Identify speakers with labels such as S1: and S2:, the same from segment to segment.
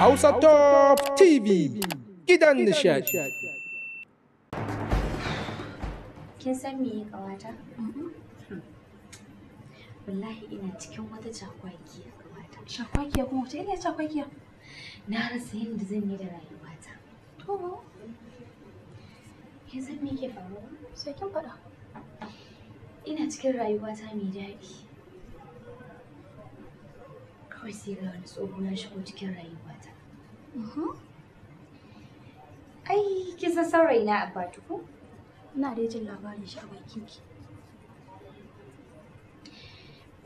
S1: Hausa Top TV gidan nishadi. Kin san me ya kawata? Wallahi ina cikin wata cakwakiya kawata. Cakwakiya kuma wace ne cakwakiya? Na rasa yadda zan yi da rayuwata. To, kin san me ke faruwa? Sai kin faɗa. Ina cikin rayuwata mai daɗi. kawai sai ga wani tsohon shigo cikin rayuwata Mm-hmm. Ai, kin san saurayi na Abbatu ko? Ina dai jin labarin shi a bakin ki.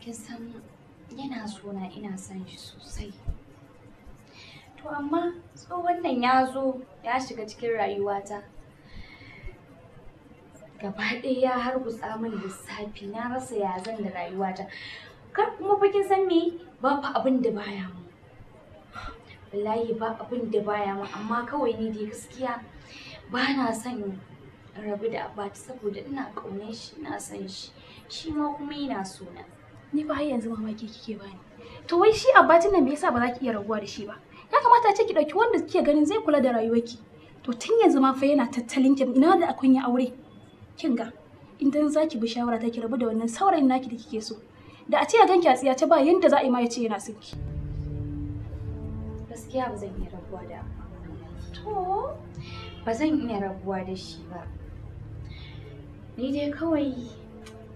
S1: Kin san yana
S2: so na ina son shi sosai.
S1: To amma tsohon nan ya zo ya shiga cikin rayuwata. Gaba ɗaya ya hargutsa min lissafi na rasa ya zan da rayuwata. Kar kuma fa kin san me ba fa abin da baya mu. wallahi ba abin da baya ma amma kawai ni dai gaskiya ba na son rabu da abati saboda ina ƙaunar shi ina son shi shi ma kuma yana so na ni fa har yanzu mamaki kike bani to wai shi abatin nan me yasa ba za ki iya rabuwa da shi ba ya kamata ce ki ɗauki wanda kike ganin zai kula da rayuwarki to tun yanzu ma fa yana tattalin ki ina da akwai ya aure kin ga idan za ki bi shawara ta ki rabu da wannan saurayin naki da kike so da a ce ya ganki a ta ba yanda za a yi ma ya ce yana son ki gaskiya ba zan iya rabuwa da to ba zan iya rabuwa da shi ba ni dai kawai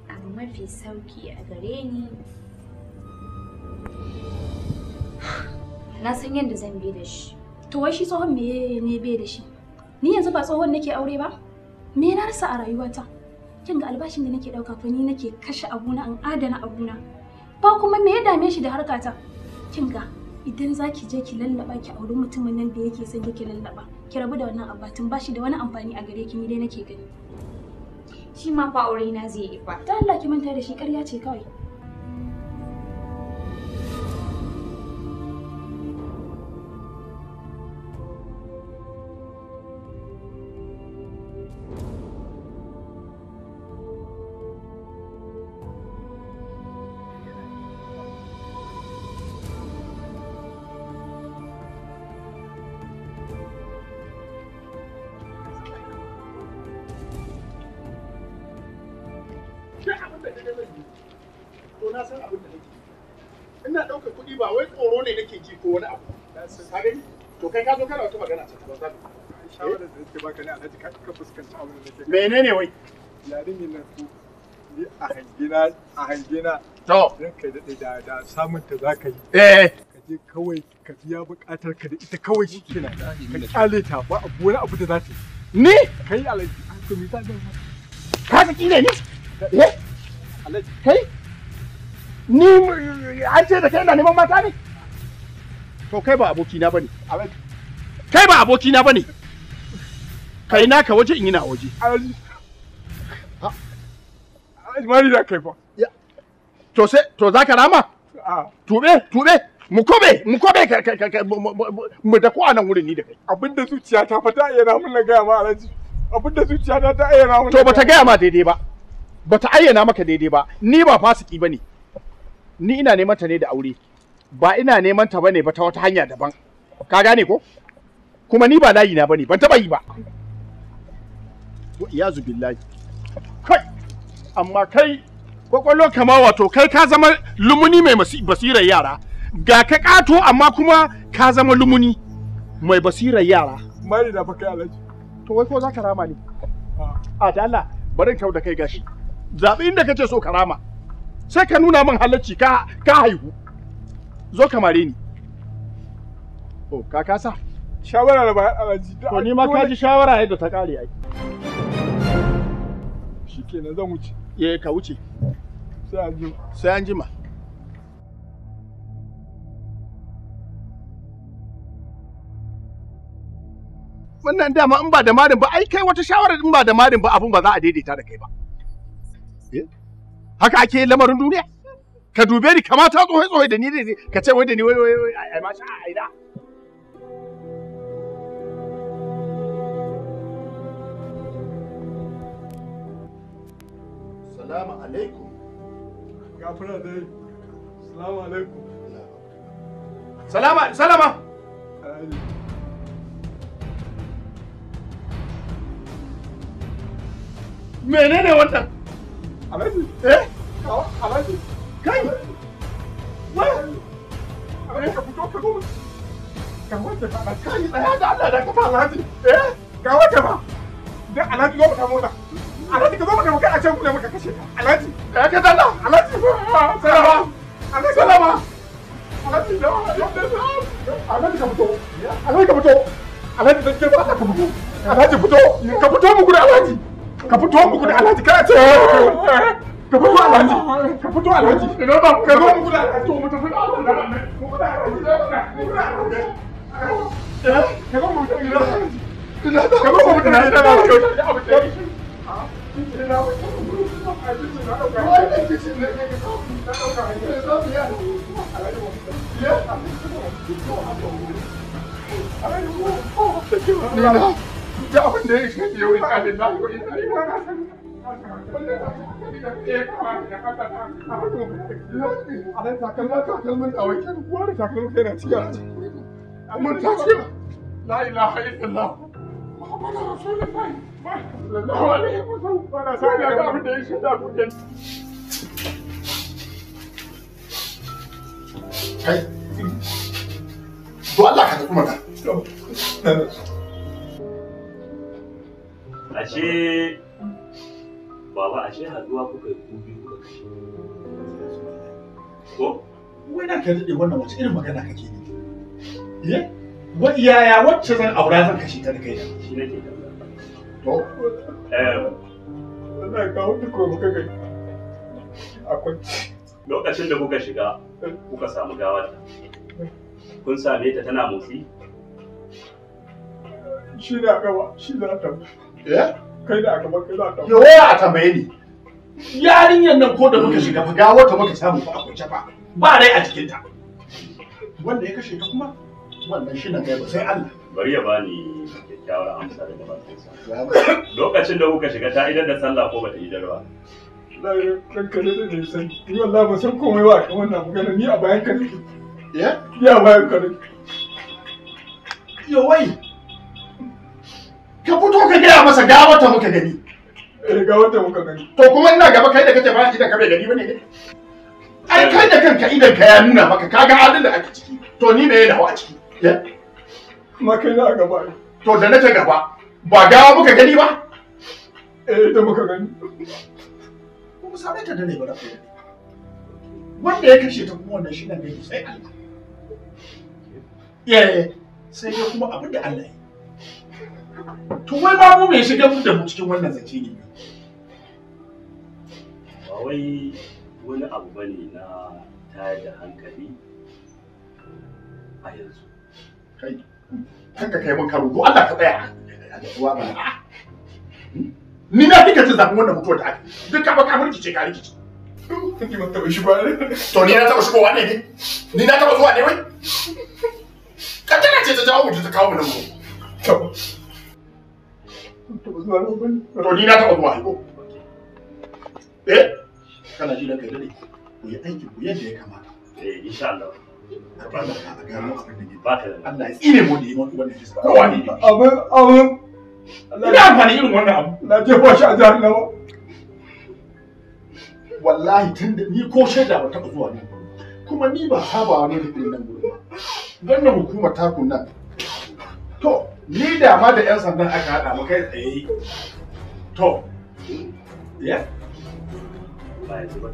S1: abu mafi sauki a gare ni na san yadda zan bi da shi to wai shi tsohon me ne bai da shi ni yanzu ba tsohon nake aure ba me na rasa a rayuwata kin ga albashin da nake dauka fa ni nake kashe abuna an adana abuna ba kuma me ya dame shi da harkata kin ga idan za ki je ki lallaɓa ki auri mutumin nan da yake son yake lallaɓa, ki rabu da wannan abatin ba shi da wani amfani a gare ki ni dai nake gani shi ma fa
S2: aure na zai yi fa ta
S1: Allah ki manta da shi ƙarya ce kawai na san abin da nake ina ɗaukar kuɗi ba wai tsoro ne nake ji ko wani abu ka to kai ka zo kana wata magana ba eh? baka ne wai a hangina a hangina to da da samun ta za ka yi eh ka je kawai ka biya buƙatar ka da ita kawai shi ka kyale ta ba abu wani abu da za ta yi ni ka me za ka ka ni eh kai ni an ce da kai ina neman mata ne to kai ba aboki na bane kai ba aboki na bane kai na ka waje in yi na waje mari da kai fa to sai to zaka rama tube tube mu kobe mu kobe mu da ko nan wurin ni da kai abinda zuciya ta fata yana mun na gaya ma alhaji abinda zuciya ta ta ayyana mun to bata gaya ma daidai ba bata ayyana maka daidai ba ni ba fasiki bane ni ina neman ta ne da aure ba ina neman ta bane ba ta wata hanya daban ka gane ko kuma ni ba layi na bane ban taba yi ba iyazu billahi kai amma kai kwakwalo kama wato kai ka zama lumuni mai basirar yara ga ka kato amma kuma ka zama lumuni mai basirar yara mai na baka alaji to wai ko za ka rama ne ah. a da Allah barin kyau da kai gashi zabi inda kace so ka rama sai ka nuna min halacci ka ka haihu zo ka mare ni oh ka kasa shawara ba alaji to ni ma ka ji shawara yadda ta kare ai shikenan zan wuce eh ka wuce sai an jima sai an jima wannan dama in ba da marin ba ai kai wata shawara in ba da marin ba abun ba za a daidaita da kai ba eh haka ake lamarin duniya ka dube ni kamata tsohai tsohai da ni da ka ce wai da ni wai wai wai ai ma sha aida salamu alaikum gafara dai salamu alaikum salama salama menene wannan Alhaji. Eh? Alhaji. Kai! Wai! Alhaji ka fito ka goma. Ga wace ba kai tsaya da Allah da kafa Alhaji. Eh? Ga wace ba. Dan Alhaji goma ta mota. Alhaji ka zo maka maka a can kuna maka kashe ka. Alhaji. Ya ka dalla. Alhaji. Ah, salama. Alhaji salama. Alhaji da Alhaji ka fito. Alhaji ka fito. Alhaji dan girma ka fito. Alhaji fito. Ka fito mu gudu Alhaji. ka fito muku da alhaji kana ce ka fito alhaji ka fito alhaji ina ka zo muku da alhaji muku da alhaji muku da alhaji muku da alhaji ka zo muku da alhaji ka zo muku da alhaji da abin da ya shi ne wani alin lahi wani alin lahi takalma takalmin a wai kyan kuwa da takalmin kai na ciya mun ta ciya la ilaha illallah muhammadu rasulullahi sallallahu alaihi wasallam bana sai ya ga abin da ya shi da kuke kai to Allah ka tafi mana ashe baba
S2: ashe haduwa kuka yi ku biyu da
S1: ko wai na ka daɗe wannan wace irin magana kake yi eh wa yaya wacce zan aura zan kashe ta da kai shi nake da to eh wannan ka wuce ko kai gani
S2: akwai lokacin da kuka shiga kuka samu gawar kun same ta tana motsi
S1: shi na gaba shi na tabbata Eh? Kai da aka kai da aka. Yo waya a tambaye ni. Yarinyar nan ko da muka shiga fa gawo muka samu fa a kunce fa. Ba rai a ta Wanda ya kashe ta kuma wannan shi na ba sai Allah. Bari ya bani
S2: kyakkyawar amsa daga bakinsa. Lokacin da kuka shiga ta idan da sallah ko bata yi idar ba.
S1: Ranka ne da san. Ni wallahi ba san komai ba kan wannan magana ni a bayan ka nake. Ya? Eh? Ya bayan ka nake. Yo wai. ka fito ka gaya masa ga ta muka gani eh, ga wata muka gani to kuma ina gaba kai da kake ba idan ka bai gani bane ai kai da kanka idan ka ya nuna maka kaga halin da ake ciki to ni ne ya dawo a ciki ma kai na gaba to da na ta gaba ba gawa muka gani ba eh da muka gani kuma sabai ta dane ba da wanda ya kashe ta kuma wannan shi ne eh, sai Allah ya sai kuma abin da Allah ya to wai babu mai shiga da mu cikin wannan zance ne
S2: ba wai wani abu bane na tayar da hankali
S1: a yanzu kai kanka kai mun karo ko Allah ka tsaya a jasuwa ba ni na kika ce zaɓin wannan mutuwar da ake, duk ka baka rikice ka rikice Kake ban taɓa shi ba To ni na taɓa shigowa ne ne? Ni na taɓa zuwa ne wai? tana ce ta jawo mu ta kawo mu nan mu. To ni na taɓa zuwa Eh? Kana shi ranka dade. Ku yi aiki ku yadda ya kamata. Eh insha Allah. a Allah ya ne. Wallahi tun da ni ko shaida ba taɓa zuwa nan. Kuma ni ba saba wani da nan gurin ba. Wannan hukumar takun nan. To, ni da ma da yan sandan aka haɗa mu kai tsaye to ya
S2: ba ya zuba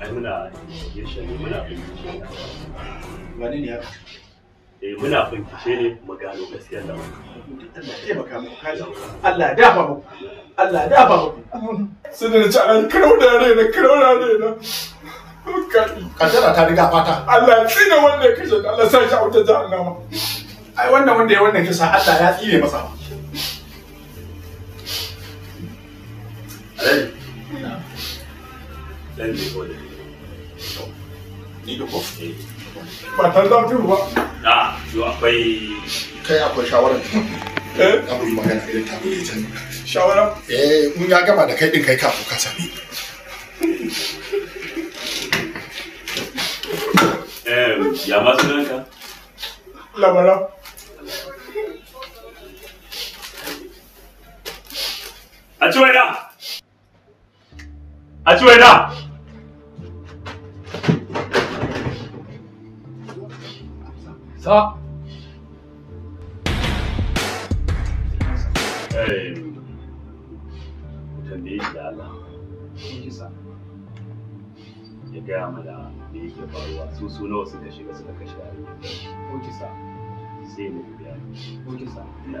S2: ai muna yashe ne muna bincike wani ne haka eh muna bincike ne mu gano gaskiyar da
S1: Allah ya dafa mu Allah ya dafa mu sai da ci an karaurare na karaurare na kaddara ta riga fata Allah tsina wanda ya kashe Allah sai shi auta jahannama ai wannan wanda ya wannan kisa Allah ya tsire masa ba Alhaji dan ne ko da ni da kofi eh. ba ta da tu ba a yo akwai kai akwai shawara eh abu magana idan ta bude can shawara eh mun ya gama da kai din kai kafin ka sami
S2: Eh, ya masu ranka?
S1: Labara. a ci waina
S2: da Allah ya gaya mana da yake faruwa su su nawa suka shiga suka kashe yare kisa biya kisa ina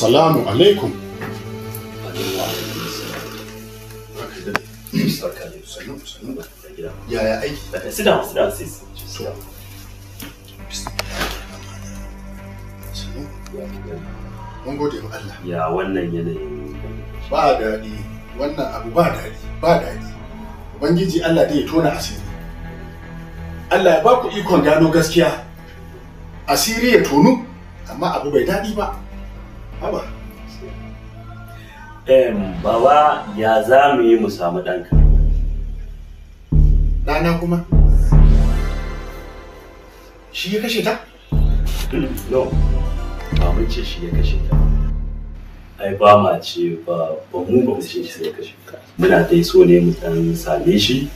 S1: assalamu alaikum yaya mun gode ma Allah ya wannan yanayin ba daɗi wannan abu ba daɗi ba daɗi ubangiji Allah dai ya tona asiri Allah ya ba ku ikon gano gaskiya asiri ya tonu amma abu bai daɗi ba
S2: haba em baba ya za mu yi mu samu ɗanka
S1: ɗana kuma shi ya kashe ta no
S2: ba mun ce shi ya kashe ta ai ba ma ce ba ba mu ba mu ce shi ya kashe ta muna dai so ne mu ɗan same shi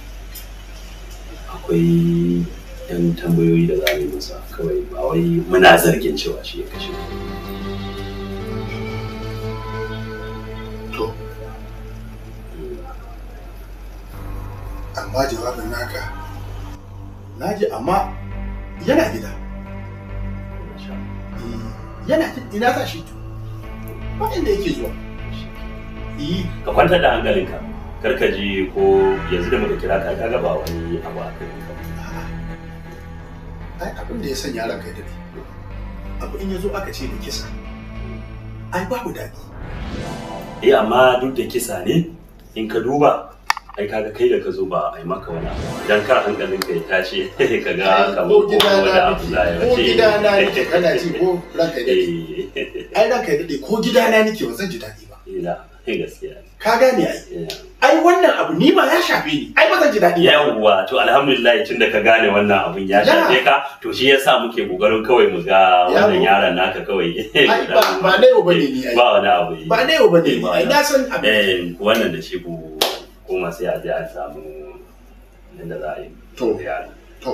S2: akwai yan tambayoyi da za mu yi masa kawai ba wai muna zargin cewa shi ya kashe ta
S1: ba jawabin naka na ji amma yana gida eh, yana ina za shi to ba inda yake zuwa
S2: eh. ka kwantar da hankalinka karka ji ko yanzu da muka kira ka kaga ba wani abu a kai
S1: ai abin da ya sanya ranka
S2: ya daɗe abu in ya zo aka ce da kisa ai babu dadi eh amma duk da kisa ne in ka duba ai kaga kai da ka zo ba yi maka wani abu idan ka hankalin ka ya tashi ka ga kamar ko wani abu za ko gida na nake
S1: kana ci ko ranka ya dade eh. ai ranka ya dade ko gida na nake ba zan ji daɗi ba kai eh, gaskiya ka gane ai ai wannan abu ni ma ya shafe ni ai ba zan ji
S2: daɗi yawwa to alhamdulillah tun da ka gane wannan abun ya shafe ka to shi yasa muke kokarin kawai mu ga wannan yaron naka kawai ba ba ne ba ne ni ba wani abu ba ne ba ne ni na san abin eh, wannan da shi ko kuma sai a je a samu yadda za a yi to yara to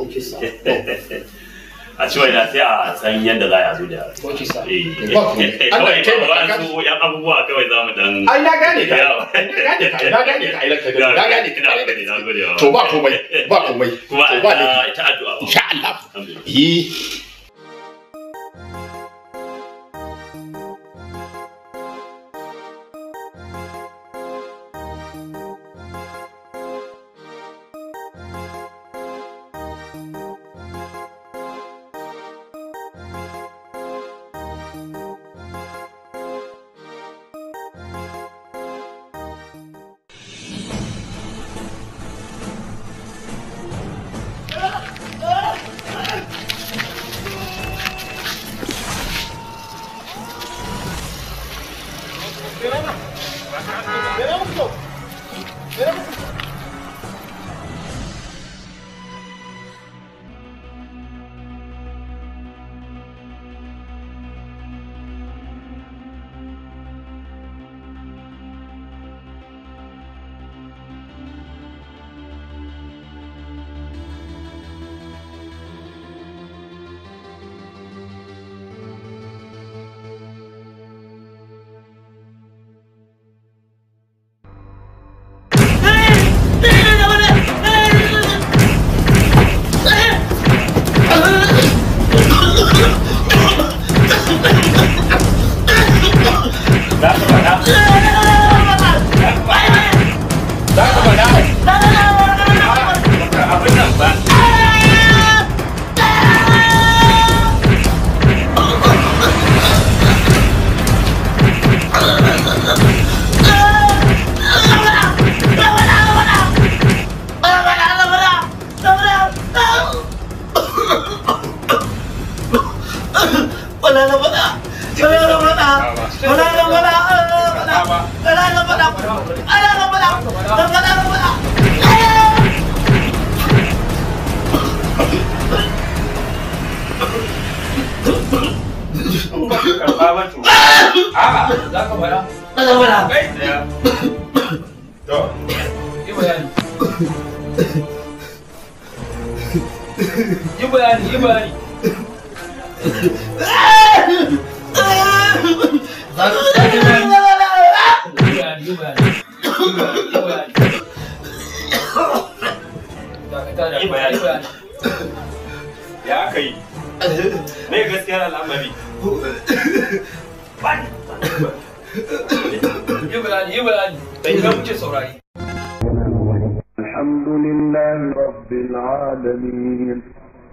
S2: a cewa ina sai a san yadda za a zo da yara ki sa kawai ba su yan abubuwa kawai za mu dan ai na gane ka na gane ka na ka na gane ka na gane ka to ba komai ba komai to ba ita addu'a insha Allah
S1: eh Ah!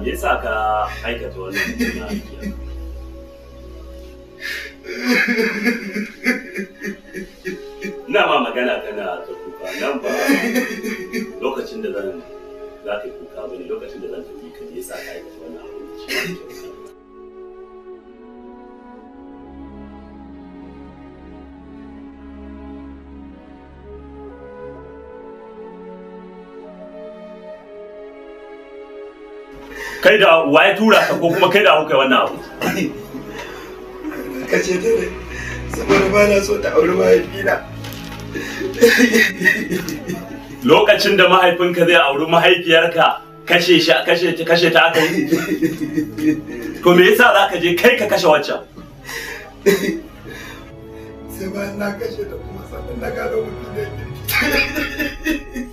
S2: me yasa ka aikata wannan tunani ina ma magana kana ta kuka nan ba lokacin da zan za ka kuka bane lokacin da zan tafi ka me yasa ka aikata wannan kai da waye tura ka ko kuma kai da kuka wannan abu
S1: ka ce ta ne saboda ba na so ta auri mahaifina
S2: lokacin da mahaifinka zai auri mahaifiyarka kashe shi kashe ta kashe ta aka yi to me yasa za ka je kai ka kashe waccan
S1: sai ba na kashe da kuma sannan na gano mutum da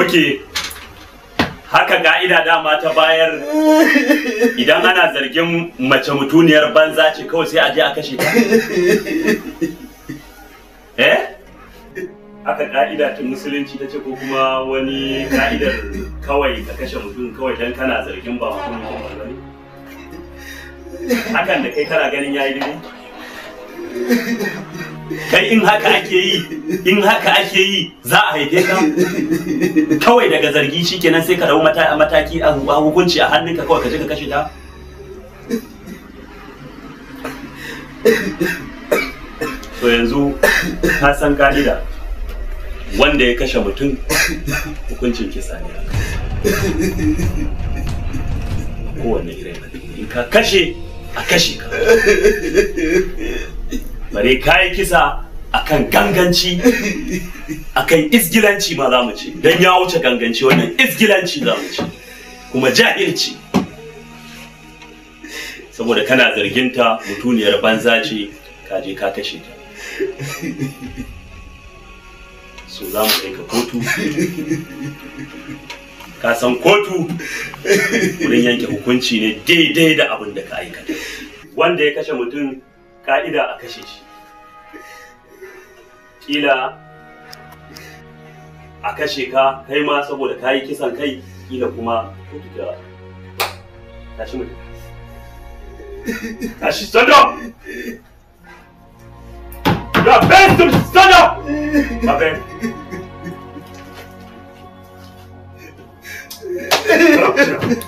S2: Ok, haka ga'ida dama ta bayar idan ana zargin mace mutuniyar banza ce kawai sai a je a kashe ta eh haka ka'ida ta musulunci ta ce ko kuma wani ka'idar kawai ka kashe mutum kawai dan kana zargin ba mutum ba ne hakan da kai kana ganin yayi dai kai in haka ake yi in haka ake yi za a haife ka kawai daga zargi shikenan sai ka a mataki a hukunci a hannunka kawai ka je ka kashe ta to yanzu ka san kadida wanda ya kashe mutum hukuncin kisa ne Kowanne irin ka kashe a kashe ka bare kayi kisa akan ganganci akan isgilanci ma za mu ce don ya wuce ganganci wannan isgilanci za mu ce kuma jahilci saboda kana zarginta mutuniyar banza ce ka je ka kashe ta so za mu kai ka kotu ka san kotu wurin yanke hukunci ne daidai da abin da ka aikata wanda ya kashe mutum ka'ida a kashe shi ƙila a kashe ka kai ma saboda ka yi kisan kai ƙila kuma da tashi mutum tashi stand up you are best to stand up my friend
S1: Thank you.